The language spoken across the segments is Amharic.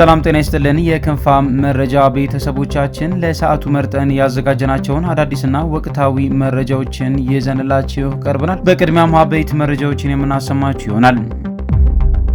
ሰላም ጤና ይስጥልን። የክንፋም መረጃ ቤተሰቦቻችን ለሰዓቱ መርጠን ያዘጋጀናቸውን አዳዲስና ወቅታዊ መረጃዎችን ይዘንላችሁ ቀርበናል። በቅድሚያ አበይት መረጃዎችን የምናሰማችሁ ይሆናል።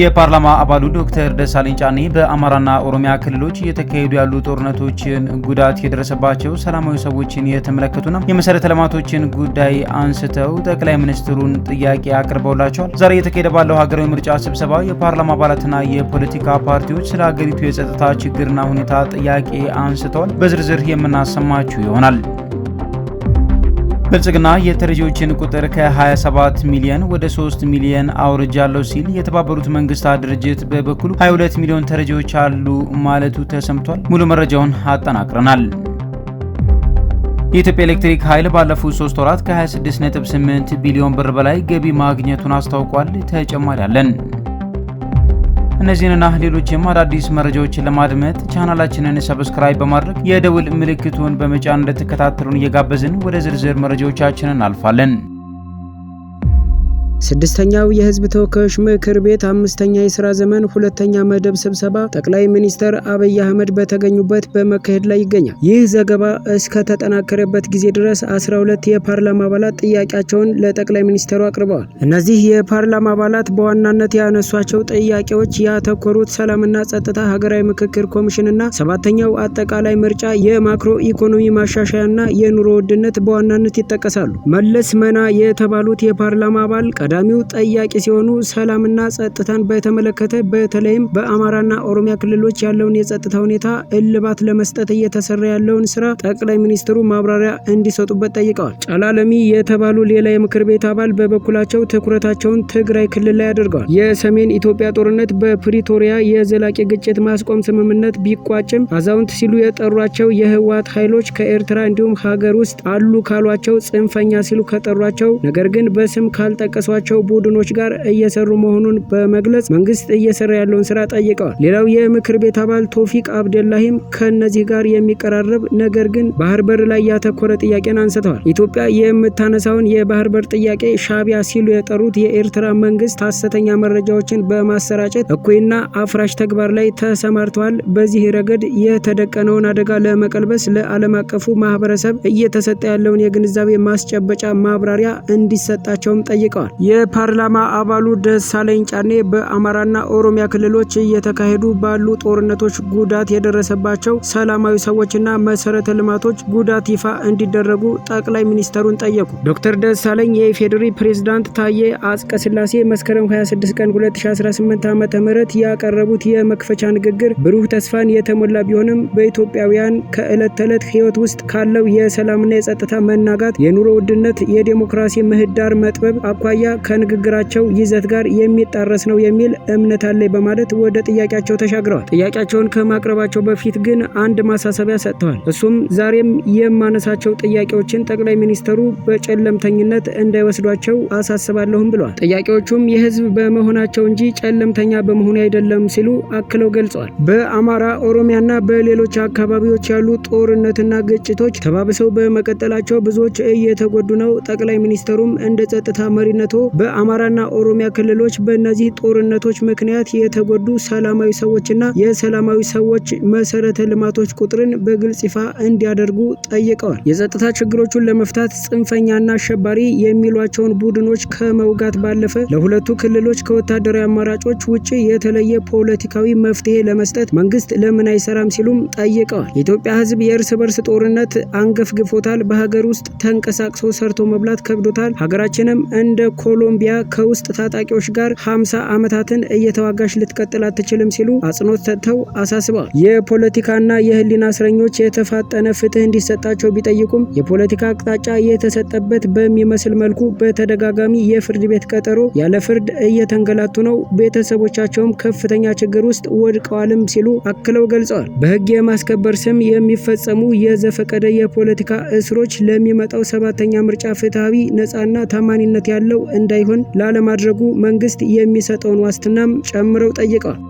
የፓርላማ አባሉ ዶክተር ደሳለኝ ጫኔ በአማራና ኦሮሚያ ክልሎች እየተካሄዱ ያሉ ጦርነቶችን ጉዳት የደረሰባቸው ሰላማዊ ሰዎችን የተመለከቱና የመሰረተ ልማቶችን ጉዳይ አንስተው ጠቅላይ ሚኒስትሩን ጥያቄ አቅርበውላቸዋል። ዛሬ የተካሄደ ባለው ሀገራዊ ምርጫ ስብሰባ የፓርላማ አባላትና የፖለቲካ ፓርቲዎች ስለ ሀገሪቱ የጸጥታ ችግርና ሁኔታ ጥያቄ አንስተዋል። በዝርዝር የምናሰማችሁ ይሆናል። ብልጽግና የተረጂዎችን ቁጥር ከ27 ሚሊዮን ወደ 3 ሚሊዮን አውርጃለሁ ሲል የተባበሩት መንግስታት ድርጅት በበኩሉ 22 ሚሊዮን ተረጂዎች አሉ ማለቱ ተሰምቷል። ሙሉ መረጃውን አጠናቅረናል። የኢትዮጵያ ኤሌክትሪክ ኃይል ባለፉት 3 ወራት ከ26.8 ቢሊዮን ብር በላይ ገቢ ማግኘቱን አስታውቋል። ተጨማሪ አለን። እነዚህንና ሌሎችም አዳዲስ መረጃዎችን ለማድመጥ ቻናላችንን ሰብስክራይብ በማድረግ የደውል ምልክቱን በመጫን እንደተከታተሉን እየጋበዝን ወደ ዝርዝር መረጃዎቻችንን አልፋለን። ስድስተኛው የህዝብ ተወካዮች ምክር ቤት አምስተኛ የስራ ዘመን ሁለተኛ መደብ ስብሰባ ጠቅላይ ሚኒስትር አብይ አህመድ በተገኙበት በመካሄድ ላይ ይገኛል። ይህ ዘገባ እስከተጠናከረበት ጊዜ ድረስ 12 የፓርላማ አባላት ጥያቄያቸውን ለጠቅላይ ሚኒስትሩ አቅርበዋል። እነዚህ የፓርላማ አባላት በዋናነት ያነሷቸው ጥያቄዎች ያተኮሩት ሰላምና ጸጥታ፣ ሀገራዊ ምክክር ኮሚሽንና ሰባተኛው አጠቃላይ ምርጫ፣ የማክሮ ኢኮኖሚ ማሻሻያና የኑሮ ውድነት በዋናነት ይጠቀሳሉ። መለስ መና የተባሉት የፓርላማ አባል ቀዳሚው ጠያቂ ሲሆኑ ሰላምና ጸጥታን በተመለከተ በተለይም በአማራና ኦሮሚያ ክልሎች ያለውን የጸጥታ ሁኔታ እልባት ለመስጠት እየተሰራ ያለውን ስራ ጠቅላይ ሚኒስትሩ ማብራሪያ እንዲሰጡበት ጠይቀዋል። ጨላለሚ የተባሉ ሌላ የምክር ቤት አባል በበኩላቸው ትኩረታቸውን ትግራይ ክልል ላይ አድርገዋል። የሰሜን ኢትዮጵያ ጦርነት በፕሪቶሪያ የዘላቂ ግጭት ማስቆም ስምምነት ቢቋጭም አዛውንት ሲሉ የጠሯቸው የህወሓት ኃይሎች ከኤርትራ እንዲሁም ሀገር ውስጥ አሉ ካሏቸው ጽንፈኛ ሲሉ ከጠሯቸው ነገር ግን በስም ካልጠቀሷቸው ካሏቸው ቡድኖች ጋር እየሰሩ መሆኑን በመግለጽ መንግስት እየሰራ ያለውን ስራ ጠይቀዋል። ሌላው የምክር ቤት አባል ቶፊቅ አብደላሂም ከእነዚህ ጋር የሚቀራረብ ነገር ግን ባህር በር ላይ ያተኮረ ጥያቄን አንስተዋል። ኢትዮጵያ የምታነሳውን የባህር በር ጥያቄ ሻቢያ ሲሉ የጠሩት የኤርትራ መንግስት ሀሰተኛ መረጃዎችን በማሰራጨት እኩይና አፍራሽ ተግባር ላይ ተሰማርተዋል። በዚህ ረገድ የተደቀነውን አደጋ ለመቀልበስ ለዓለም አቀፉ ማህበረሰብ እየተሰጠ ያለውን የግንዛቤ ማስጨበጫ ማብራሪያ እንዲሰጣቸውም ጠይቀዋል። የፓርላማ አባሉ ደሳለኝ ጫኔ በአማራና ኦሮሚያ ክልሎች እየተካሄዱ ባሉ ጦርነቶች ጉዳት የደረሰባቸው ሰላማዊ ሰዎችና መሰረተ ልማቶች ጉዳት ይፋ እንዲደረጉ ጠቅላይ ሚኒስተሩን ጠየቁ። ዶክተር ደሳለኝ የኢፌዴሪ ፕሬዝዳንት ታዬ አጽቀ መስከረም 26 ቀን 2018 ዓ ም ያቀረቡት የመክፈቻ ንግግር ብሩህ ተስፋን የተሞላ ቢሆንም በኢትዮጵያውያን ከዕለት ተዕለት ህይወት ውስጥ ካለው የሰላምና የጸጥታ መናጋት፣ የኑሮ ውድነት፣ የዴሞክራሲ ምህዳር መጥበብ አኳያ ከንግግራቸው ይዘት ጋር የሚጣረስ ነው የሚል እምነት አለኝ በማለት ወደ ጥያቄያቸው ተሻግረዋል። ጥያቄያቸውን ከማቅረባቸው በፊት ግን አንድ ማሳሰቢያ ሰጥተዋል። እሱም ዛሬም የማነሳቸው ጥያቄዎችን ጠቅላይ ሚኒስተሩ በጨለምተኝነት እንዳይወስዷቸው አሳስባለሁም ብለዋል። ጥያቄዎቹም የህዝብ በመሆናቸው እንጂ ጨለምተኛ በመሆኑ አይደለም ሲሉ አክለው ገልጸዋል። በአማራ ኦሮሚያና በሌሎች አካባቢዎች ያሉ ጦርነትና ግጭቶች ተባብሰው በመቀጠላቸው ብዙዎች እየተጎዱ ነው። ጠቅላይ ሚኒስተሩም እንደ ጸጥታ መሪነቱ በአማራና ኦሮሚያ ክልሎች በእነዚህ ጦርነቶች ምክንያት የተጎዱ ሰላማዊ ሰዎችና የሰላማዊ ሰዎች መሰረተ ልማቶች ቁጥርን በግልጽ ይፋ እንዲያደርጉ ጠይቀዋል። የጸጥታ ችግሮቹን ለመፍታት ጽንፈኛና አሸባሪ የሚሏቸውን ቡድኖች ከመውጋት ባለፈ ለሁለቱ ክልሎች ከወታደራዊ አማራጮች ውጭ የተለየ ፖለቲካዊ መፍትሄ ለመስጠት መንግስት ለምን አይሰራም ሲሉም ጠይቀዋል። የኢትዮጵያ ሕዝብ የእርስ በርስ ጦርነት አንገፍግፎታል። በሀገር ውስጥ ተንቀሳቅሶ ሰርቶ መብላት ከብዶታል። ሀገራችንም እንደ ኮሎምቢያ ከውስጥ ታጣቂዎች ጋር 50 ዓመታትን እየተዋጋች ልትቀጥል አትችልም ሲሉ አጽንኦት ሰጥተው አሳስበዋል። የፖለቲካና የህሊና እስረኞች የተፋጠነ ፍትህ እንዲሰጣቸው ቢጠይቁም የፖለቲካ አቅጣጫ የተሰጠበት በሚመስል መልኩ በተደጋጋሚ የፍርድ ቤት ቀጠሮ ያለ ፍርድ እየተንገላቱ ነው፣ ቤተሰቦቻቸውም ከፍተኛ ችግር ውስጥ ወድቀዋልም ሲሉ አክለው ገልጸዋል። በህግ የማስከበር ስም የሚፈጸሙ የዘፈቀደ የፖለቲካ እስሮች ለሚመጣው ሰባተኛ ምርጫ ፍትሐዊ ነፃና ታማኒነት ያለው እንዳይሆን ላለማድረጉ መንግስት የሚሰጠውን ዋስትናም ጨምረው ጠይቀዋል።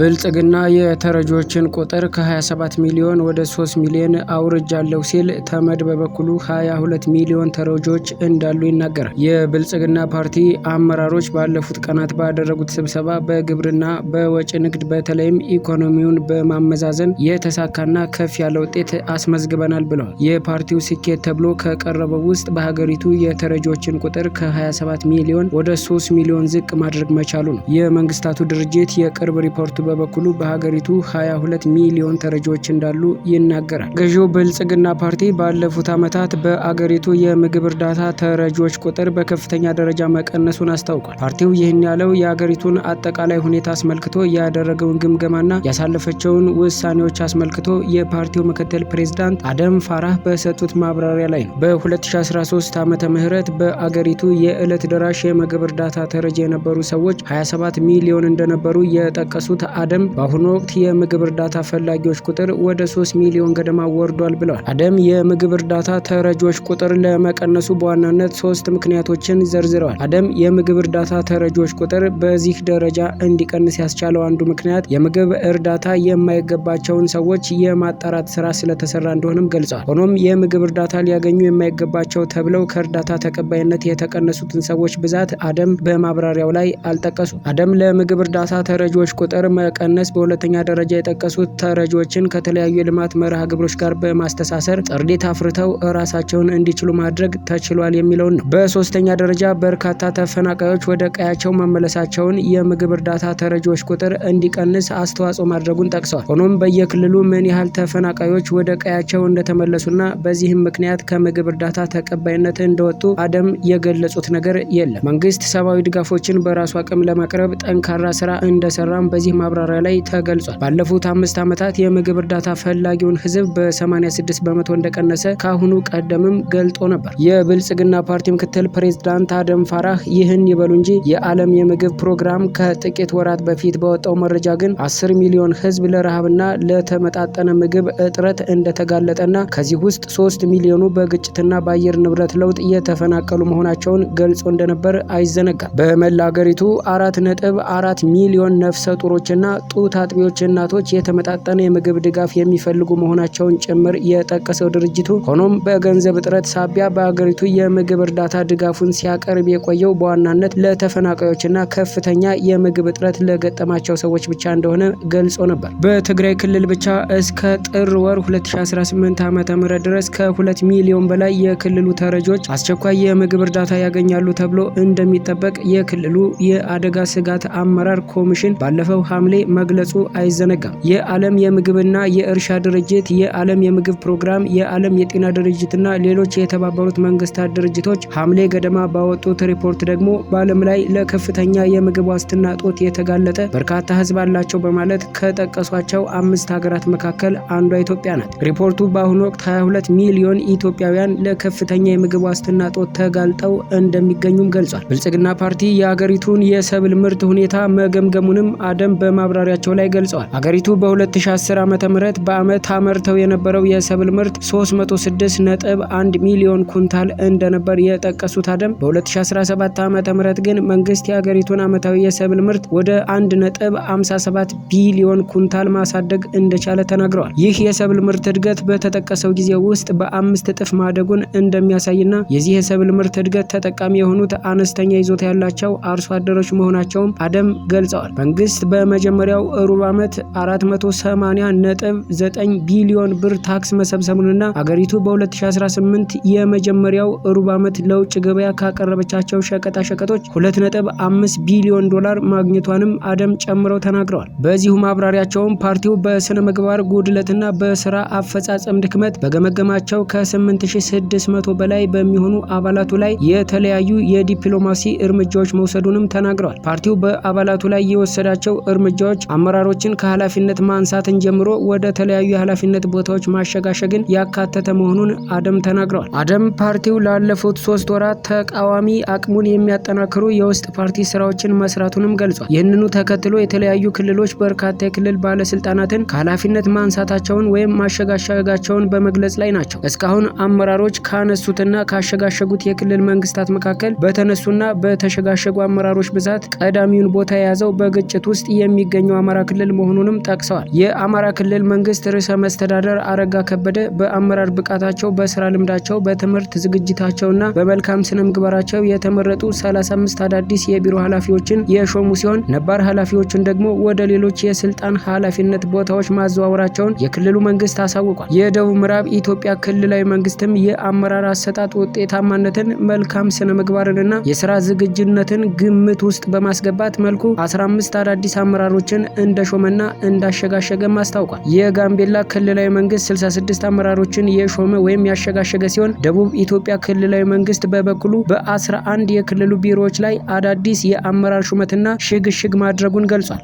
ብልጽግና የተረጆችን ቁጥር ከ27 ሚሊዮን ወደ 3 ሚሊዮን አውርጃለሁ ሲል፣ ተመድ በበኩሉ 22 ሚሊዮን ተረጆች እንዳሉ ይናገራል። የብልጽግና ፓርቲ አመራሮች ባለፉት ቀናት ባደረጉት ስብሰባ በግብርና፣ በወጪ ንግድ በተለይም ኢኮኖሚውን በማመዛዘን የተሳካና ከፍ ያለ ውጤት አስመዝግበናል ብለዋል። የፓርቲው ስኬት ተብሎ ከቀረበው ውስጥ በሀገሪቱ የተረጆችን ቁጥር ከ27 ሚሊዮን ወደ 3 ሚሊዮን ዝቅ ማድረግ መቻሉ ነው። የመንግስታቱ ድርጅት የቅርብ ሪፖርቱ በበኩሉ በሀገሪቱ 22 ሚሊዮን ተረጂዎች እንዳሉ ይናገራል። ገዢው ብልጽግና ፓርቲ ባለፉት ዓመታት በአገሪቱ የምግብ እርዳታ ተረጂዎች ቁጥር በከፍተኛ ደረጃ መቀነሱን አስታውቋል። ፓርቲው ይህን ያለው የአገሪቱን አጠቃላይ ሁኔታ አስመልክቶ ያደረገውን ግምገማና ያሳለፈቸውን ውሳኔዎች አስመልክቶ የፓርቲው ምክትል ፕሬዝዳንት አደም ፋራህ በሰጡት ማብራሪያ ላይ ነው። በ2013 ዓመተ ምህረት በአገሪቱ የዕለት ደራሽ የምግብ እርዳታ ተረጂ የነበሩ ሰዎች 27 ሚሊዮን እንደነበሩ የጠቀሱት አደም በአሁኑ ወቅት የምግብ እርዳታ ፈላጊዎች ቁጥር ወደ 3 ሚሊዮን ገደማ ወርዷል ብለዋል። አደም የምግብ እርዳታ ተረጂዎች ቁጥር ለመቀነሱ በዋናነት ሶስት ምክንያቶችን ዘርዝረዋል። አደም የምግብ እርዳታ ተረጂዎች ቁጥር በዚህ ደረጃ እንዲቀንስ ያስቻለው አንዱ ምክንያት የምግብ እርዳታ የማይገባቸውን ሰዎች የማጣራት ስራ ስለተሰራ እንደሆነም ገልጿል። ሆኖም የምግብ እርዳታ ሊያገኙ የማይገባቸው ተብለው ከእርዳታ ተቀባይነት የተቀነሱትን ሰዎች ብዛት አደም በማብራሪያው ላይ አልጠቀሱም። አደም ለምግብ እርዳታ ተረጂዎች ቁጥር በመቀነስ በሁለተኛ ደረጃ የጠቀሱት ተረጂዎችን ከተለያዩ የልማት መርሃ ግብሮች ጋር በማስተሳሰር ጥርዴት አፍርተው ራሳቸውን እንዲችሉ ማድረግ ተችሏል የሚለውን ነው። በሶስተኛ ደረጃ በርካታ ተፈናቃዮች ወደ ቀያቸው መመለሳቸውን፣ የምግብ እርዳታ ተረጂዎች ቁጥር እንዲቀንስ አስተዋጽኦ ማድረጉን ጠቅሰዋል። ሆኖም በየክልሉ ምን ያህል ተፈናቃዮች ወደ ቀያቸው እንደተመለሱና በዚህም ምክንያት ከምግብ እርዳታ ተቀባይነት እንደወጡ አደም የገለጹት ነገር የለም። መንግስት ሰብአዊ ድጋፎችን በራሱ አቅም ለማቅረብ ጠንካራ ስራ እንደሰራም በዚህ ማብራሪያ ላይ ተገልጿል። ባለፉት አምስት ዓመታት የምግብ እርዳታ ፈላጊውን ህዝብ በ86 በመቶ እንደቀነሰ ከአሁኑ ቀደምም ገልጦ ነበር። የብልጽግና ፓርቲ ምክትል ፕሬዝዳንት አደም ፋራህ ይህን ይበሉ እንጂ የዓለም የምግብ ፕሮግራም ከጥቂት ወራት በፊት በወጣው መረጃ ግን 10 ሚሊዮን ህዝብ ለረሃብና ለተመጣጠነ ምግብ እጥረት እንደተጋለጠና ከዚህ ውስጥ 3 ሚሊዮኑ በግጭትና በአየር ንብረት ለውጥ እየተፈናቀሉ መሆናቸውን ገልጾ እንደነበር አይዘነጋም። በመላ አገሪቱ አራት ነጥብ አራት ሚሊዮን ነፍሰ ጡሮች እና ጡት አጥቢዎች እናቶች የተመጣጠነ የምግብ ድጋፍ የሚፈልጉ መሆናቸውን ጭምር የጠቀሰው ድርጅቱ ሆኖም በገንዘብ እጥረት ሳቢያ በአገሪቱ የምግብ እርዳታ ድጋፉን ሲያቀርብ የቆየው በዋናነት ለተፈናቃዮችና ከፍተኛ የምግብ እጥረት ለገጠማቸው ሰዎች ብቻ እንደሆነ ገልጾ ነበር። በትግራይ ክልል ብቻ እስከ ጥር ወር 2018 ዓ.ም ድረስ ከ2 ሚሊዮን በላይ የክልሉ ተረጆች አስቸኳይ የምግብ እርዳታ ያገኛሉ ተብሎ እንደሚጠበቅ የክልሉ የአደጋ ስጋት አመራር ኮሚሽን ባለፈው ሐምሌ መግለጹ አይዘነጋም። የዓለም የምግብና የእርሻ ድርጅት፣ የዓለም የምግብ ፕሮግራም፣ የዓለም የጤና ድርጅትና ሌሎች የተባበሩት መንግስታት ድርጅቶች ሐምሌ ገደማ ባወጡት ሪፖርት ደግሞ በዓለም ላይ ለከፍተኛ የምግብ ዋስትና እጦት የተጋለጠ በርካታ ህዝብ አላቸው በማለት ከጠቀሷቸው አምስት ሀገራት መካከል አንዷ ኢትዮጵያ ናት። ሪፖርቱ በአሁኑ ወቅት 22 ሚሊዮን ኢትዮጵያውያን ለከፍተኛ የምግብ ዋስትና እጦት ተጋልጠው እንደሚገኙም ገልጿል። ብልጽግና ፓርቲ የአገሪቱን የሰብል ምርት ሁኔታ መገምገሙንም አደም በ በማብራሪያቸው ላይ ገልጸዋል። አገሪቱ በ2010 ዓ ም በዓመት ታመርተው የነበረው የሰብል ምርት 36.1 ሚሊዮን ኩንታል እንደነበር የጠቀሱት አደም በ2017 ዓ ም ግን መንግስት የአገሪቱን ዓመታዊ የሰብል ምርት ወደ 1.57 ቢሊዮን ኩንታል ማሳደግ እንደቻለ ተናግረዋል። ይህ የሰብል ምርት እድገት በተጠቀሰው ጊዜ ውስጥ በአምስት እጥፍ ማደጉን እንደሚያሳይና የዚህ የሰብል ምርት እድገት ተጠቃሚ የሆኑት አነስተኛ ይዞታ ያላቸው አርሶ አደሮች መሆናቸውም አደም ገልጸዋል። መንግስት በመ በመጀመሪያው ሩብ ዓመት 480 ነጥብ 9 ቢሊዮን ብር ታክስ መሰብሰቡንና አገሪቱ በ2018 የመጀመሪያው ሩብ ዓመት ለውጭ ገበያ ካቀረበቻቸው ሸቀጣሸቀጦች 2.5 ቢሊዮን ዶላር ማግኘቷንም አደም ጨምረው ተናግረዋል። በዚሁ ማብራሪያቸውም ፓርቲው በስነ ምግባር ጉድለትና በስራ አፈጻጸም ድክመት በገመገማቸው ከ8600 በላይ በሚሆኑ አባላቱ ላይ የተለያዩ የዲፕሎማሲ እርምጃዎች መውሰዱንም ተናግረዋል። ፓርቲው በአባላቱ ላይ የወሰዳቸው እርምጃ እርምጃዎች አመራሮችን ከኃላፊነት ማንሳትን ጀምሮ ወደ ተለያዩ የኃላፊነት ቦታዎች ማሸጋሸግን ያካተተ መሆኑን አደም ተናግረዋል። አደም ፓርቲው ላለፉት ሶስት ወራት ተቃዋሚ አቅሙን የሚያጠናክሩ የውስጥ ፓርቲ ስራዎችን መስራቱንም ገልጿል። ይህንኑ ተከትሎ የተለያዩ ክልሎች በርካታ የክልል ባለስልጣናትን ከኃላፊነት ማንሳታቸውን ወይም ማሸጋሸጋቸውን በመግለጽ ላይ ናቸው። እስካሁን አመራሮች ካነሱትና ካሸጋሸጉት የክልል መንግስታት መካከል በተነሱና በተሸጋሸጉ አመራሮች ብዛት ቀዳሚውን ቦታ የያዘው በግጭት ውስጥ የሚ የሚገኘው አማራ ክልል መሆኑንም ጠቅሰዋል። የአማራ ክልል መንግስት ርዕሰ መስተዳደር አረጋ ከበደ በአመራር ብቃታቸው፣ በስራ ልምዳቸው፣ በትምህርት ዝግጅታቸውና በመልካም ስነ ምግባራቸው የተመረጡ 35 አዳዲስ የቢሮ ኃላፊዎችን የሾሙ ሲሆን ነባር ኃላፊዎችን ደግሞ ወደ ሌሎች የስልጣን ኃላፊነት ቦታዎች ማዘዋወራቸውን የክልሉ መንግስት አሳውቋል። የደቡብ ምዕራብ ኢትዮጵያ ክልላዊ መንግስትም የአመራር አሰጣጥ ውጤታማነትን፣ መልካም ስነ ምግባርንና የስራ ዝግጁነትን ግምት ውስጥ በማስገባት መልኩ 15 አዳዲስ አመራር አመራሮችን እንደሾመና እንዳሸጋሸገም አስታውቋል። የጋምቤላ ክልላዊ መንግስት 66 አመራሮችን የሾመ ወይም ያሸጋሸገ ሲሆን ደቡብ ኢትዮጵያ ክልላዊ መንግስት በበኩሉ በ11 የክልሉ ቢሮዎች ላይ አዳዲስ የአመራር ሹመትና ሽግሽግ ማድረጉን ገልጿል።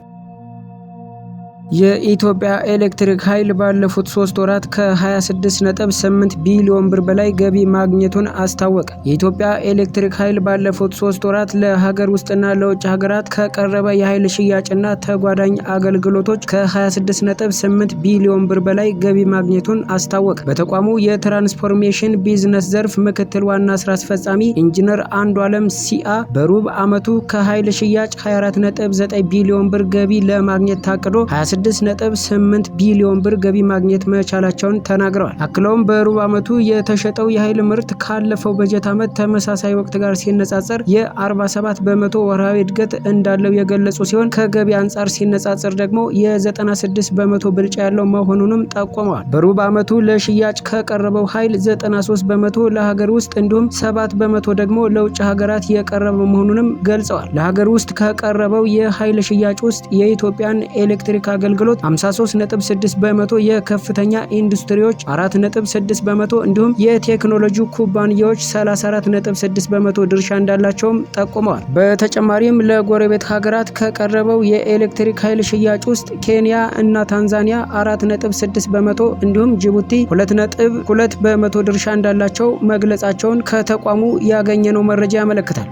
የኢትዮጵያ ኤሌክትሪክ ኃይል ባለፉት ሶስት ወራት ከ26.8 ቢሊዮን ብር በላይ ገቢ ማግኘቱን አስታወቀ። የኢትዮጵያ ኤሌክትሪክ ኃይል ባለፉት ሶስት ወራት ለሀገር ውስጥና ለውጭ ሀገራት ከቀረበ የኃይል ሽያጭና ተጓዳኝ አገልግሎቶች ከ26.8 ቢሊዮን ብር በላይ ገቢ ማግኘቱን አስታወቀ። በተቋሙ የትራንስፎርሜሽን ቢዝነስ ዘርፍ ምክትል ዋና ስራ አስፈጻሚ ኢንጂነር አንዱ ዓለም ሲአ በሩብ ዓመቱ ከኃይል ሽያጭ 24.9 ቢሊዮን ብር ገቢ ለማግኘት ታቅዶ 16.8 ቢሊዮን ብር ገቢ ማግኘት መቻላቸውን ተናግረዋል። አክለውም በሩብ ዓመቱ የተሸጠው የኃይል ምርት ካለፈው በጀት ዓመት ተመሳሳይ ወቅት ጋር ሲነጻጸር የ47 በመቶ ወርሃዊ እድገት እንዳለው የገለጹ ሲሆን ከገቢ አንጻር ሲነጻጸር ደግሞ የ96 በመቶ ብልጫ ያለው መሆኑንም ጠቁመዋል። በሩብ ዓመቱ ለሽያጭ ከቀረበው ኃይል 93 በመቶ ለሀገር ውስጥ እንዲሁም 7 በመቶ ደግሞ ለውጭ ሀገራት የቀረበ መሆኑንም ገልጸዋል። ለሀገር ውስጥ ከቀረበው የኃይል ሽያጭ ውስጥ የኢትዮጵያን ኤሌክትሪክ አገ አገልግሎት 53.6 በመቶ፣ የከፍተኛ ኢንዱስትሪዎች 4.6 በመቶ እንዲሁም የቴክኖሎጂ ኩባንያዎች 34.6 በመቶ ድርሻ እንዳላቸውም ጠቁመዋል። በተጨማሪም ለጎረቤት ሀገራት ከቀረበው የኤሌክትሪክ ኃይል ሽያጭ ውስጥ ኬንያ እና ታንዛኒያ 4.6 በመቶ እንዲሁም ጅቡቲ 2.2 በመቶ ድርሻ እንዳላቸው መግለጻቸውን ከተቋሙ ያገኘነው መረጃ ያመለክታል።